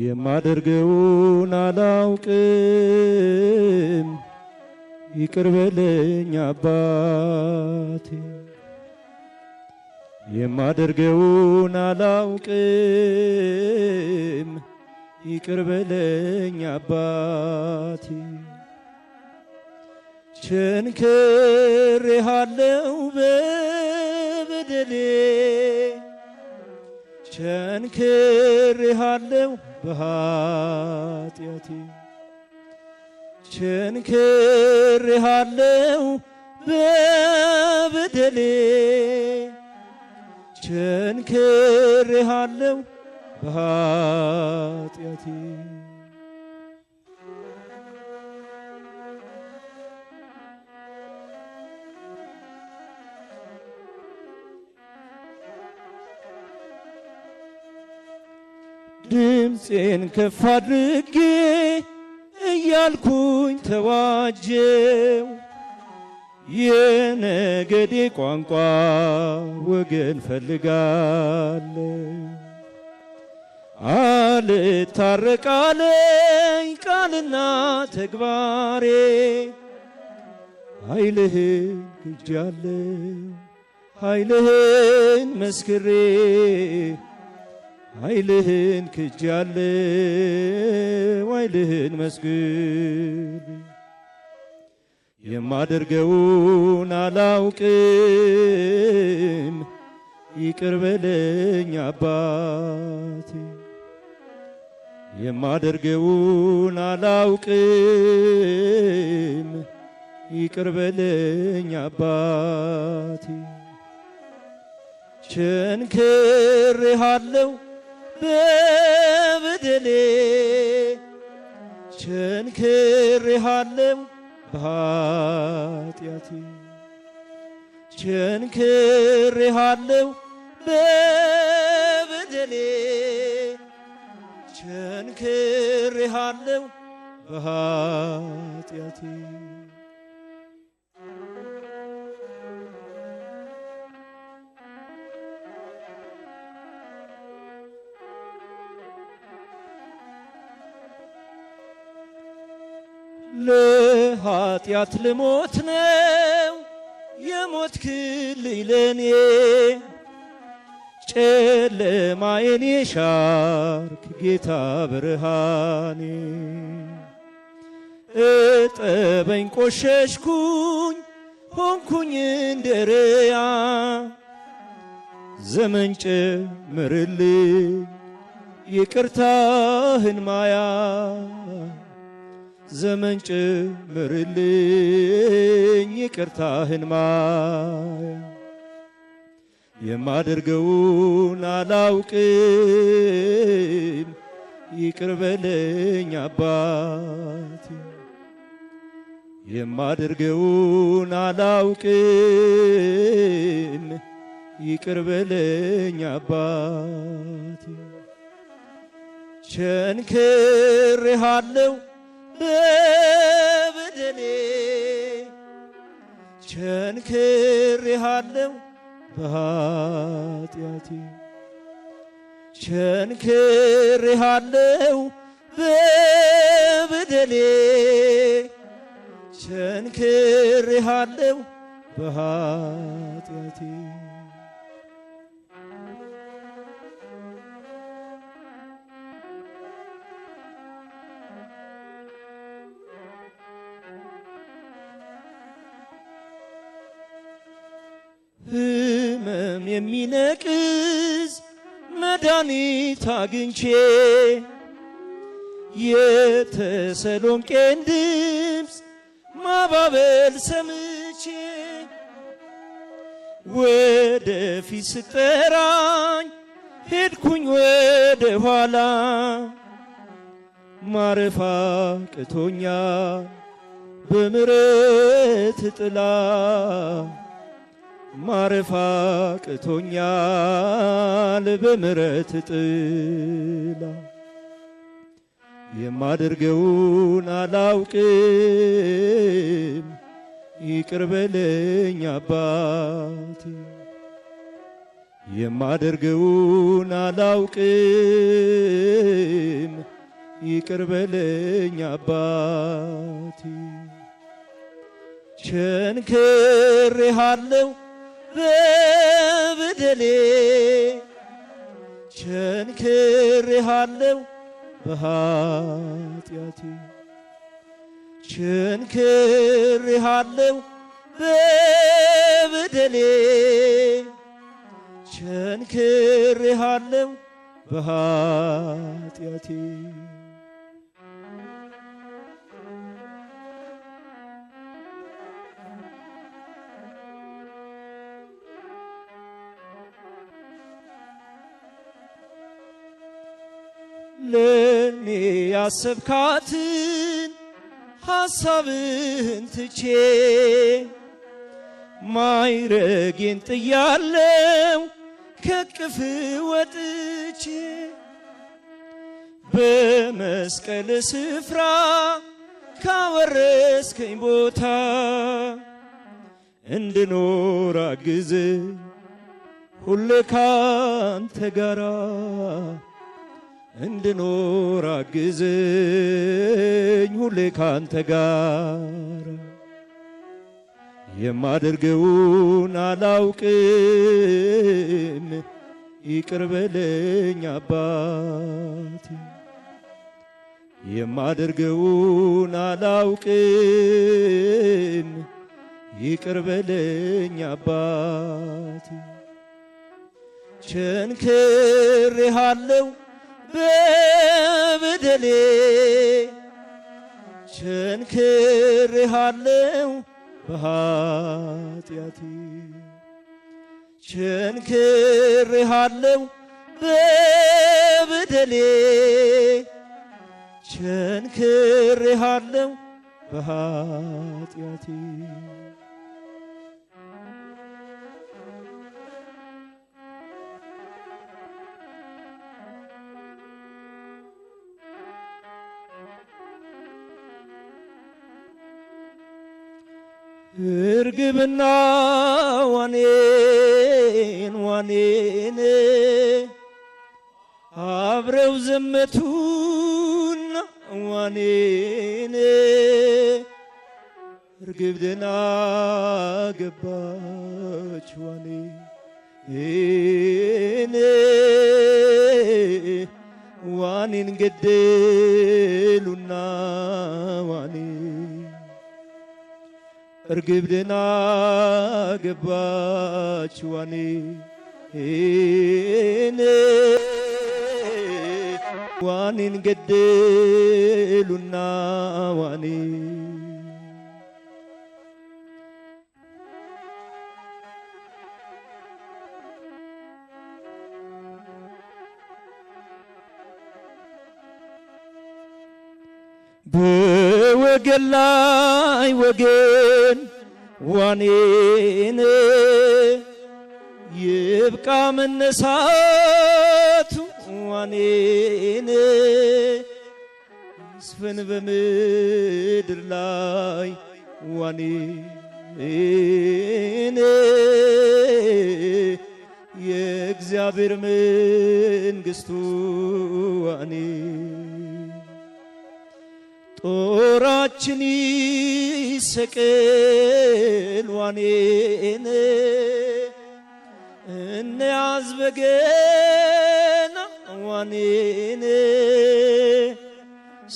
የማደርገውን አላውቅም፣ ይቅርበለኝ አባቴ። የማደርገውን አላውቅም፣ ይቅርበለኝ አባቴ። ቸንከሬሃለው በበደሌ ቸንክሬሃለሁ በኃጢአቴ ቸንክሬሃለሁ በበደሌ ቸንክሬሃለሁ በኃጢአቴ ድምፄን ከፍ አድርጌ እያልኩኝ ተዋጀው የነገዴ ቋንቋ ወገን ፈልጋለኝ አልታረቃለኝ ቃልና ተግባሬ ኃይልህን ግጃለ ኃይልህን መስክሬ ኃይልህን ክጃለው ኃይልህን መስግን የማደርገውን አላውቅም ይቅር በለኝ አባቴ የማደርገውን አላውቅም ይቅር በለኝ አባቴ ቸንክሬሃለው በበደሌ ቸንክሬሃለሁ በኃጢአቴ ቸንክሬሃለሁ በበደሌ ቸንክሬሃለሁ በኃጢአቴ ለኃጢአት ልሞት ነው የሞት ክልይ ለኔ ጨለማዬን የሻርክ ጌታ ብርሃኔ እጠበኝ ቆሸሽኩኝ ሆንኩኝ እንደርያ ዘመን ጨምርልኝ ይቅርታህን ማያ ዘመን ጭምርልኝ ይቅርታህን ማያ የማደርገውን አላውቅም ይቅር በለኝ አባት የማደርገውን አላውቅም ይቅር በለኝ አባት ቸንክሬሃለው በበደሌ ቸንክሬሃለው በኃጢአቴ ቸንክሬሃለው በበደሌ ቸንክሬሃለው በኃጢአቴ ከደም የሚነቅዝ መድኃኒት አግኝቼ የተሰሎንቄን ድምፅ ማባበል ሰምቼ ወደፊት ስጠራኝ ሄድኩኝ ወደ ኋላ ማረፋ ቅቶኛ በምረት ጥላ ማረፍ በምረት ጥላ የማደርገውን አላውቅም ይቅር በለኝ አባቴ የማደርገውን አላውቅም ይቅር በለኝ አባቴ ቸንክሬሃለው በበደሌ ቸንክሬሃለው በኃጢአቴ ቸንክሬሃለው በበደሌ ቸንክሬሃለው በኃጢአቴ ለኔ ያሰብካትን ሐሳብን ትቼ ማይረጌን ጥያለው ከቅፍ ወጥቼ በመስቀል ስፍራ ካወረስከኝ ቦታ እንድኖር አግዝ ሁሌ ካንተ ጋራ እንድኖር አግዘኝ ሁሌ ካንተ ጋር የማደርገውን አላውቅም ይቅርበለኝ አባት የማደርገውን አላውቅም ይቅርበለኝ በለኝ አባት ቸንክሬሃለው በበደሌ ቸንክሬሃለው በኃጢአቴ ቸንክሬሃለው በበደሌ ቸንክሬሃለው በኃጢአቴ እርግብና ዋኔን ዋኔን አብረው ዘመቱና ዋኔን እርግብ ደና ገባች ዋኔን ዋኔን ገደሉና ዋኔን እርግብ ደና ገባች ዋኔ ዋኔን ገደሉና ዋኔ መንገድ ላይ ወገን ዋኔን ይብቃ መነሳቱ ዋኔን ይስፈን በምድር ላይ ዋኔን የእግዚአብሔር መንግስቱ ዋኔ ጦራችን ይሰቀል ዋኔን እንያዝ በገና ዋኔን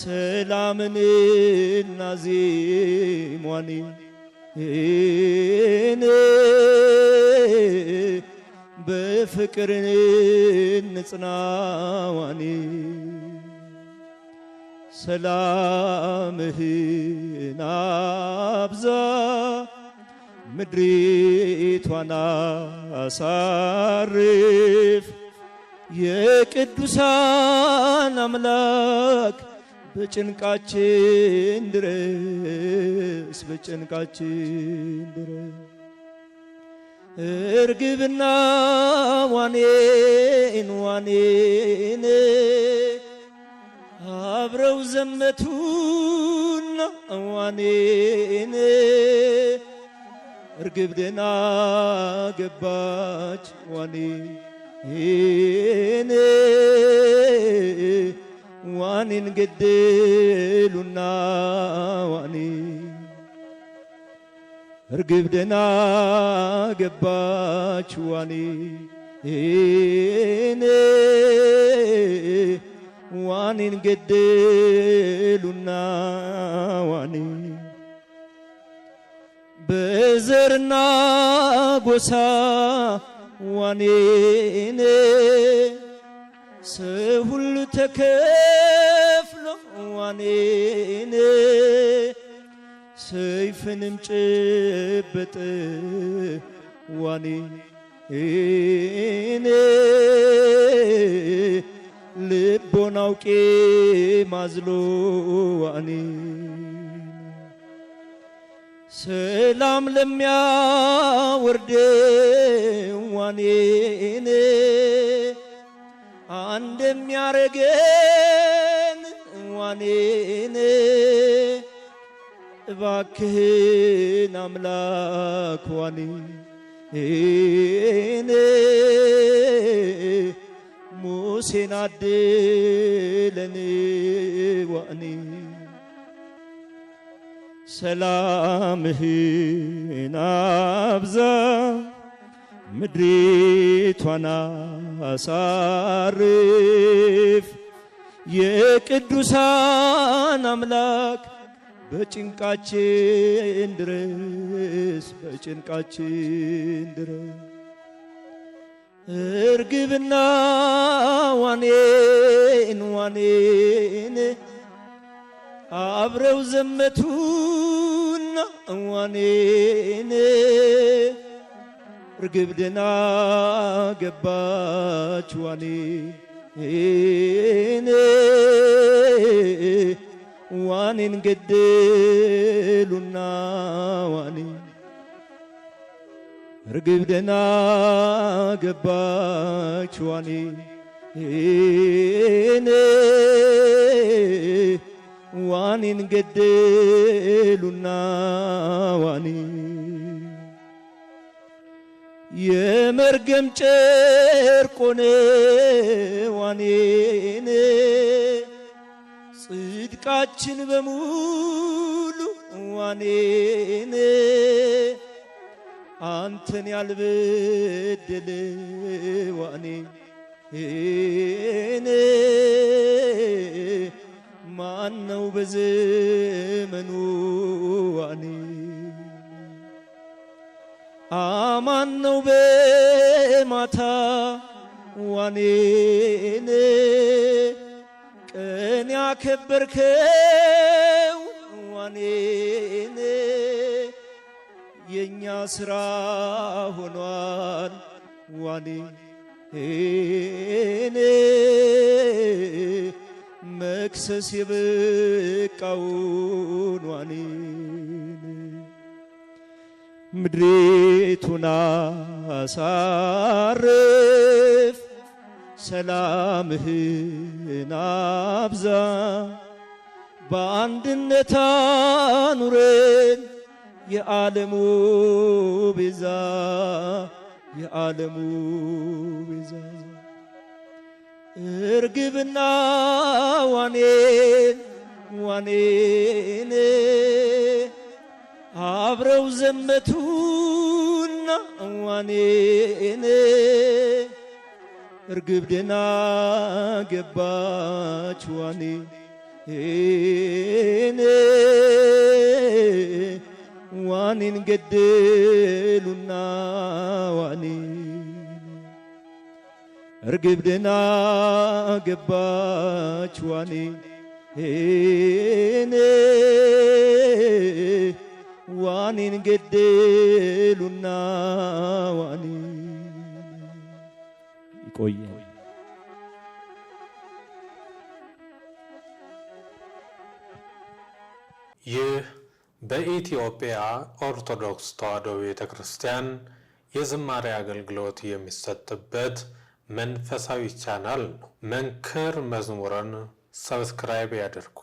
ሰላምን እናዜም ዋኔን በፍቅር እንጽና ዋኔን ሰላምህን አብዛ ምድሪቷን አሳርፍ። የቅዱሳን አምላክ በጭንቃችን ድረስ በጭንቃችን ድረስ እርግብና ዋኔን ዋኔን አብረው ዘመቱና እዋኔን እርግብ ደና ገባች ዋኔን ዋኔን ገደሉና ዋኔ እርግብ ደና ገባች ዋኔ ዋኔን ገደሉና ዋኔ በዘርና ጎሳ ዋኔን ሰው ሁሉ ተከፍሎ ዋኔን ሰይፍንም ጨበጠ ዋኔን ልቦን አውቄ ማዝሎ ዋኔ ሰላም ለሚያወርደው ዋኔን አንድ የሚያረገን ዋኔን እባክህን አምላክ ዋኔን ሙሴን አድለን ዋእኔ ሰላምህን አብዛ ምድሪቷን አሳርፍ የቅዱሳን አምላክ በጭንቃችን ድረስ በጭንቃችን ድረስ እርግብና ዋኔን ዋኔን አብረው ዘመቱና ዋኔን እርግብ ደና ገባች ዋኔን ዋኔን ገደሉና ዋኔን ርግብ ደና ገባች ዋኔ ዋኔን ገደሉና ዋኔ የመርገም ጨርቆነ ዋኔን ጽድቃችን በሙሉ ዋኔን አንተን ያልበደለ ዋኔ ማን ነው በዘመኑ ዋኔ አማን ነው በማታ ዋኔን ቀን ያከበርከው ዋኔን የእኛ ሥራ ሆኗል ዋኔ እኔ መክሰስ የበቃውን ዋኔ ምድሬቱን አሳርፍ፣ ሰላምህን አብዛ፣ በአንድነት አኑረን የዓለሙ ቤዛ የዓለሙ ቤዛ እርግብና ዋኔን ዋኔን አብረው ዘመቱና ዋኔን እርግብ ደና ገባች ዋኔን ዋኔን ገደሉና ዋኔ እርግብ ደና ገባች ዋኔ ኔ ዋኔን ገደሉና ዋኔ ይቆያል። ይህ በኢትዮጵያ ኦርቶዶክስ ተዋሕዶ ቤተ ክርስቲያን የዝማሬ አገልግሎት የሚሰጥበት መንፈሳዊ ቻናል ነው። መንክር መዝሙርን ሰብስክራይብ ያድርጉ።